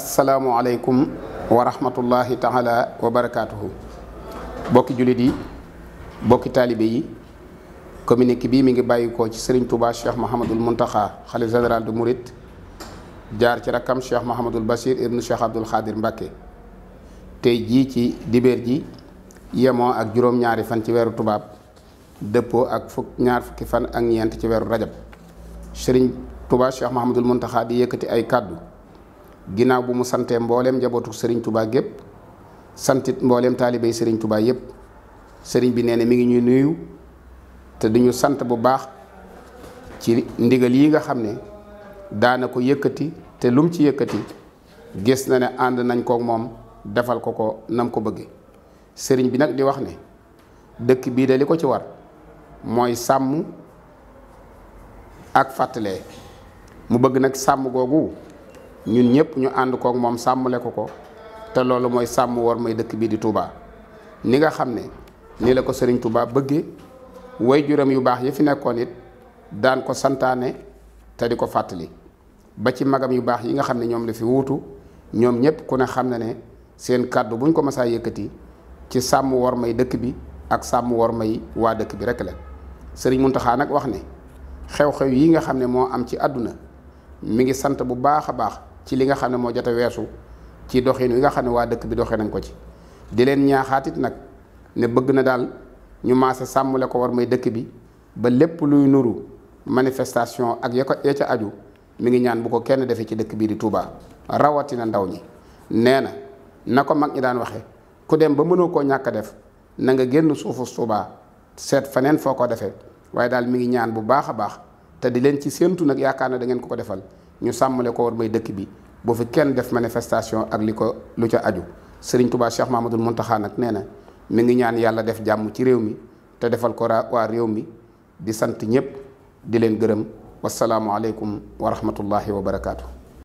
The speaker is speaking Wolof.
asalaamualeykum wa rahmatullahi taala wa barakaatuhu bokki jullit yi bokki taalibe yi communiqué bii mi ngi bàyyikoo ci Serigne Touba Cheikh Mahamadul Muntaxa xalif général de Mouride jaar ci rakkam Cheikh Mahamadul Bachir ibnu Cheikh Abdoul Xaadir Mbacke tey jii ci dibeer ji yemoo ak juróom-ñaari fan ci weeru tubaab dëppoo ak fukk ñaar fukki fan ak ñeent ci weeru rajab Serigne Touba Cheikh Mahamadul Muntaxa di yëkkati ay kàddu ginnaaw bi mu santee mbooleem njabootu sëriñ tubaa gépp santit mbooleem taalibey sëriñ tubaa yépp sëriñ bi nee na mi ngi ñuy nuyu te duñu sant bu baax ci ndigal yi nga xam ne daana ko yëkkati te lum ci yëkkati gis na ne ànd nañ kook moom defal ko ko nam ko bëgge sëriñ bi nag di wax ne dëkk bii de li ko ci war mooy sàmm ak fàttale mu bëgg nag sàmm googu ñun ñëpp ñu ànd kook moom sàmmale ko ko te loolu mooy sàmm war may dëkk bii di Touba ni nga xam ne nii la ko sëriñ Touba bëggee way juram yu baax yi fi nekkoon it daan ko santaane te di ko fàttali ba ci magam yu baax yi nga xam ne ñoom la fi wuutu ñoom ñëpp ku ne xam ne ne seen kàddu buñ ko masaa yëkkati ci sàmm war may dëkk bi ak sàmm war may waa dëkk bi rekk la sëriñ Muntaxa nag wax ne xew-xew yi nga xam ne moo am ci àdduna mu ngi sant bu baax a baax ci li nga xam ne moo jot weesu ci doxin wi nga xam ne waa dëkk bi doxee nañ ko ci di leen ñaaxaatit nag ne bëgg na daal ñu maase sàmmale ko war mooy dëkk bi ba lépp luy nuru manifestation ak ya ko ya ca aju mi ngi ñaan bu ko kenn defee ci dëkk bii di Touba rawatina ndaw ñi nee na na ko mag ñi daan waxe ku dem ba mënoo koo ñàkk a def na nga génn suufu Touba seet faneen foo ko defee waaye daal mi ngi ñaan bu baax a baax te di leen ci séentu nag yaakaar ne da ngeen ko ko defal ñu sàmmale ko war may dëkk bi boo fi kenn def manifestation ak li ko lu ci aju sëriñ Touba Cheikh Mahmadul Muntaxa nag nee na mi ngi ñaan yàlla def jàmm ci réew mi te defal ko waa réew mi di sant ñëpp di leen gërëm wasalaamualeykum wa rahmatullahi wa barakaatu.